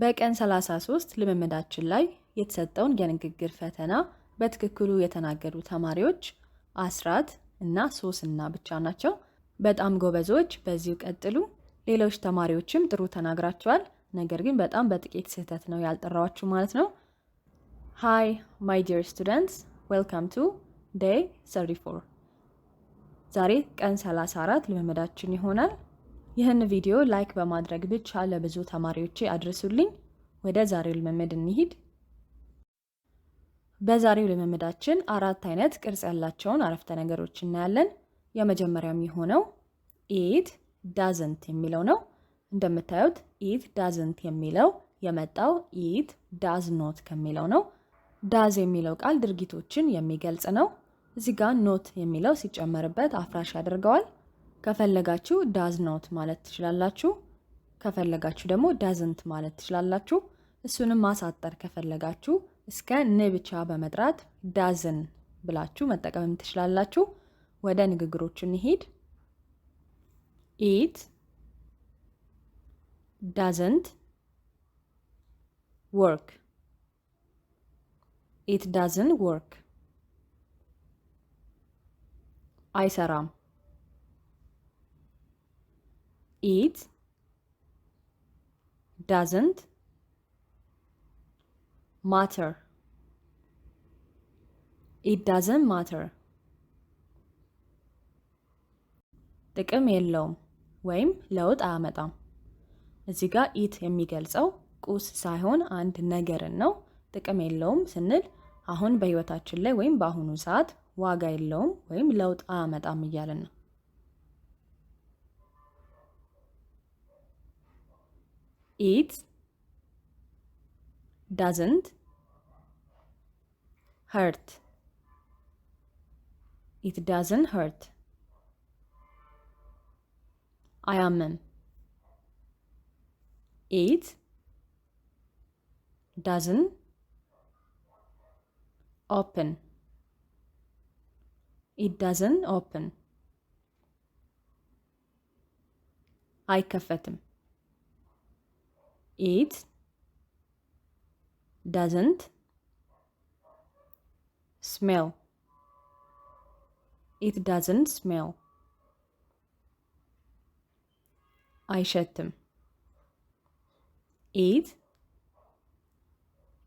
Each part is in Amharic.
በቀን 33 ልምምዳችን ላይ የተሰጠውን የንግግር ፈተና በትክክሉ የተናገሩ ተማሪዎች አስራት እና ሶስና ብቻ ናቸው። በጣም ጎበዞች፣ በዚሁ ቀጥሉ። ሌሎች ተማሪዎችም ጥሩ ተናግራቸዋል። ነገር ግን በጣም በጥቂት ስህተት ነው ያልጠራዋችሁ ማለት ነው። ሃይ ማይ ዲር ስቱደንትስ ዌልካም ቱ ዴይ 34 ዛሬ ቀን 34 ልምምዳችን ይሆናል። ይህን ቪዲዮ ላይክ በማድረግ ብቻ ለብዙ ተማሪዎች አድርሱልኝ። ወደ ዛሬው ልምምድ እንሂድ። በዛሬው ልምምዳችን አራት አይነት ቅርጽ ያላቸውን አረፍተ ነገሮች እናያለን። የመጀመሪያው የሚሆነው ኢት ዳዝንት የሚለው ነው። እንደምታዩት ኢት ዳዝንት የሚለው የመጣው ኢት ዳዝ ኖት ከሚለው ነው። ዳዝ የሚለው ቃል ድርጊቶችን የሚገልጽ ነው። እዚህ ጋር ኖት የሚለው ሲጨመርበት አፍራሽ ያደርገዋል። ከፈለጋችሁ ዳዝ ኖት ማለት ትችላላችሁ። ከፈለጋችሁ ደግሞ ዳዝንት ማለት ትችላላችሁ። እሱንም ማሳጠር ከፈለጋችሁ እስከ ን ብቻ በመጥራት ዳዝን ብላችሁ መጠቀምም ትችላላችሁ። ወደ ንግግሮቹ እንሂድ። ኢት ዳዝንት ወርክ። ኢት ዳዝን ወርክ አይሰራም። ኢት ዳዝንት ማተር ኢት ዳዝንት ማተር ጥቅም የለውም ወይም ለውጥ አያመጣም። እዚህ ጋር ኢት የሚገልጸው ቁስ ሳይሆን አንድ ነገርን ነው። ጥቅም የለውም ስንል አሁን በህይወታችን ላይ ወይም በአሁኑ ሰዓት ዋጋ የለውም ወይም ለውጥ አያመጣም እያልን ነው። eats, doesn't, hurt. It doesn't hurt. in. It doesn't open. It doesn't open. Ay kafetim eats, doesn't, smell. It doesn't smell. I shut them. It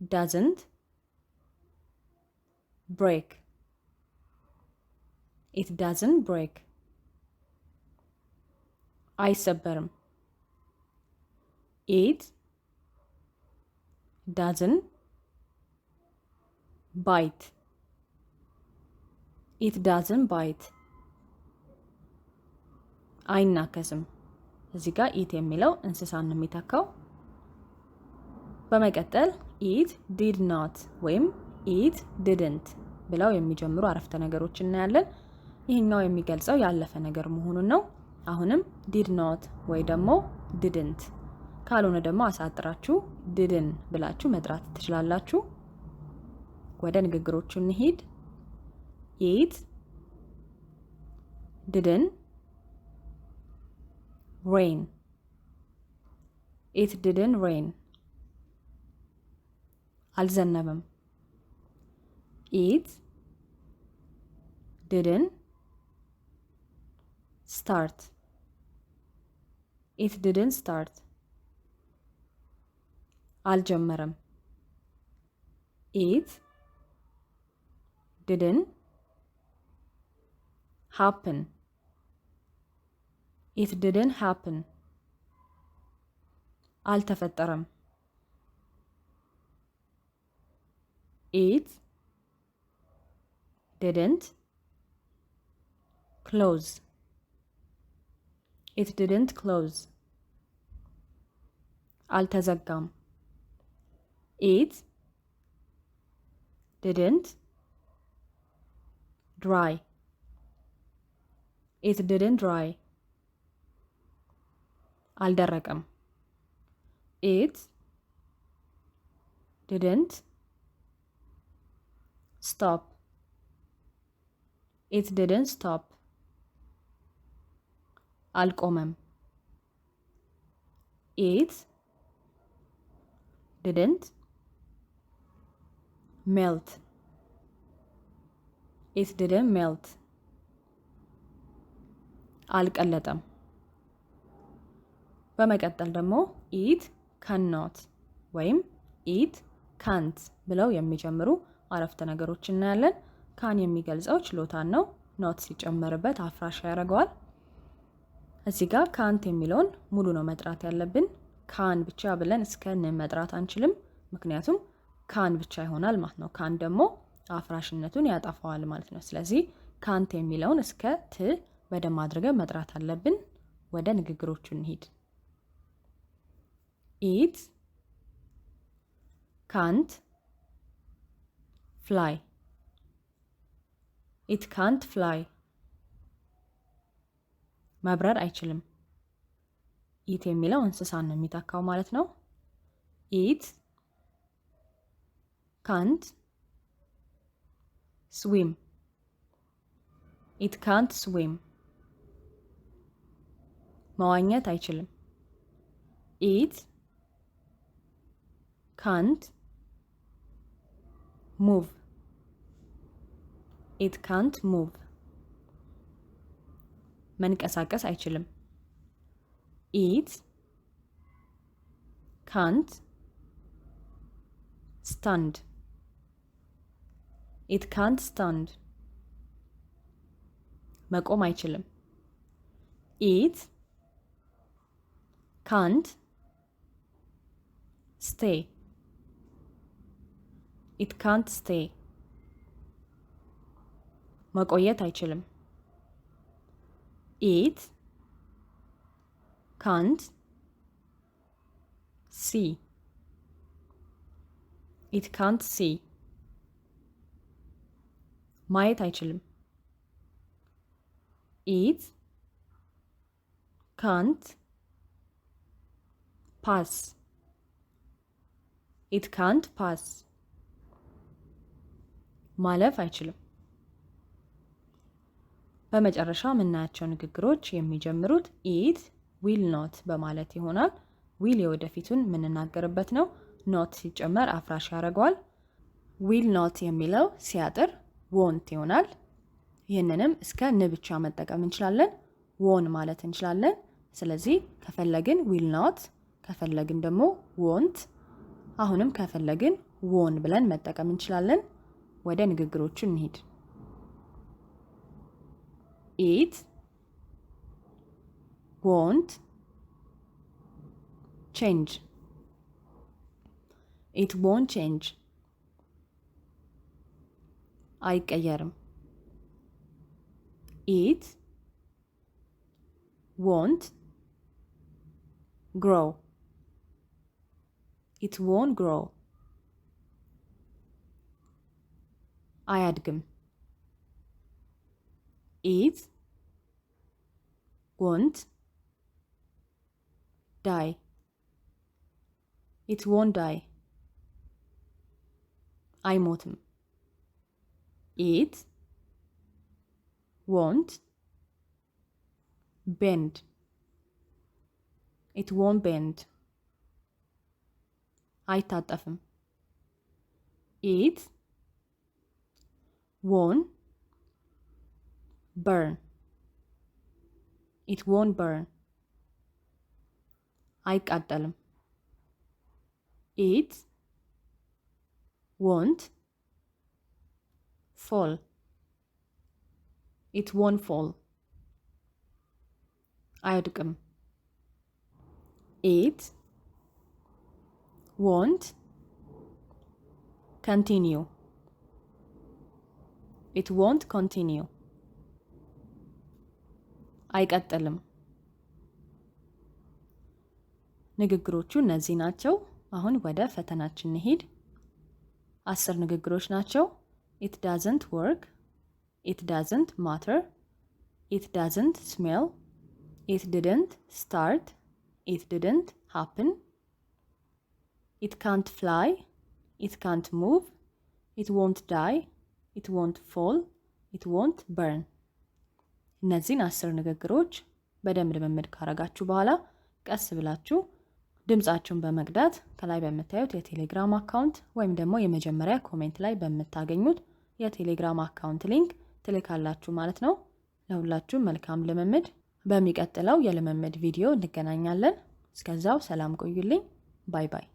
doesn't break. It doesn't break. I sabarım. It ዳዝን ባይት ኢት ዳዝን ባይት አይናከስም። እዚህ ጋር ኢት የሚለው እንስሳን ነው የሚተካው። በመቀጠል ኢት ዲድ ናት ወይም ኢት ድድንት ብለው የሚጀምሩ አረፍተ ነገሮች እናያለን። ይህኛው የሚገልጸው ያለፈ ነገር መሆኑን ነው። አሁንም ዲድ ናት ወይ ደግሞ ዲድንት ካልሆነ ደግሞ አሳጥራችሁ ድድን ብላችሁ መጥራት ትችላላችሁ። ወደ ንግግሮቹ እንሂድ። ኢት ድድን ሬን ኢት ድድን ሬን አልዘነበም። ኢት ድድን ስታርት ኢት ድድን ስታርት አልጀመረም። ኢት ድድን ሃፕን ኢት ድድን ሃፕን አልተፈጠረም። ኢት ድድንት ክሎዝ ኢት ድድንት ክሎዝ አልተዘጋም። It didn't dry. It didn't dry. አልደረቀም። It didn't stop. It didn't stop. አልቆመም። It didn't ሜልት ኢት ድድን ሜልት አልቀለጠም። በመቀጠል ደግሞ ኢት ከናት ወይም ኢት ካንት ብለው የሚጀምሩ አረፍተ ነገሮች እናያለን። ካን የሚገልጸው ችሎታን ነው። ኖት ሲጨመርበት አፍራሻ ያደርገዋል። እዚህ ጋር ካንት የሚለውን ሙሉ ነው መጥራት ያለብን። ካን ብቻ ብለን እስከ ን መጥራት አንችልም፣ ምክንያቱም ካን ብቻ ይሆናል ማለት ነው። ካን ደግሞ አፍራሽነቱን ያጠፋዋል ማለት ነው። ስለዚህ ካንት የሚለውን እስከ ት በደንብ አድርገን መጥራት አለብን። ወደ ንግግሮቹ እንሂድ። ኢት ካንት ፍላይ ኢት ካንት ፍላይ መብረር አይችልም። ኢት የሚለው እንስሳን ነው የሚተካው ማለት ነው። ኢት ካንት ስዊም ኢት ካንት ስዊም መዋኘት አይችልም። ኢት ካንት ሙቭ ኢት ካንት ሙቭ መንቀሳቀስ አይችልም። ኢት ካንት ስታንድ ኢት ካንት ስታንድ መቆም አይችልም። ኢት ካንት ስቴይ ኢት ካንት ስቴይ መቆየት አይችልም። ኢት ካንት ሲ ኢት ካንት ሲ ማየት አይችልም። ኢት ካንት ፓስ ኢት ካንት ፓስ ማለፍ አይችልም። በመጨረሻ የምናያቸው ንግግሮች የሚጀምሩት ኢት ዊል ኖት በማለት ይሆናል። ዊል የወደፊቱን የምንናገርበት ነው። ኖት ሲጨመር አፍራሽ ያደርገዋል። ዊል ኖት የሚለው ሲያጥር ወንት ይሆናል። ይህንንም እስከ ን ብቻ መጠቀም እንችላለን። ዎን ማለት እንችላለን። ስለዚህ ከፈለግን ዊል ናት፣ ከፈለግን ደግሞ ወንት፣ አሁንም ከፈለግን ዎን ብለን መጠቀም እንችላለን። ወደ ንግግሮቹ እንሂድ። ኢት ወንት ቼንጅ ኢት ወንት ቼንጅ አይቀየርም። ኢት ዎንት ግሮው ኢት ዎን ግሮው አያድግም። ኢት ዎንት ዳይ ኢት ዎን ዳይ አይሞትም። ኢት ወንት ቤንድ ኢት ወን ቤንድ አይታጠፍም። ኢት ዎን በርን ኢት ዎን በርን አይቃጠልም። ኢት ወንት fall. ኢት ዎን ፎል አይወድቅም። ኢት ዎንት ኮንቲኒዩ ኢት ዎንት ኮንቲኒዩ አይቀጥልም። ንግግሮቹ እነዚህ ናቸው። አሁን ወደ ፈተናችን እንሂድ። አስር ንግግሮች ናቸው። it doesn't work it doesn't matter it doesn't smell it didn't start it didn't happen it can't fly it can't move it won't die it won't fall it won't burn እነዚህን አስር ንግግሮች በደንብ ልምምድ ካረጋችሁ በኋላ ቀስ ብላችሁ ድምጻችሁን በመቅዳት ከላይ በምታዩት የቴሌግራም አካውንት ወይም ደግሞ የመጀመሪያ ኮሜንት ላይ በምታገኙት የቴሌግራም አካውንት ሊንክ ትልካላችሁ ማለት ነው። ለሁላችሁም መልካም ልምምድ። በሚቀጥለው የልምምድ ቪዲዮ እንገናኛለን። እስከዛው ሰላም ቆዩልኝ። ባይ ባይ።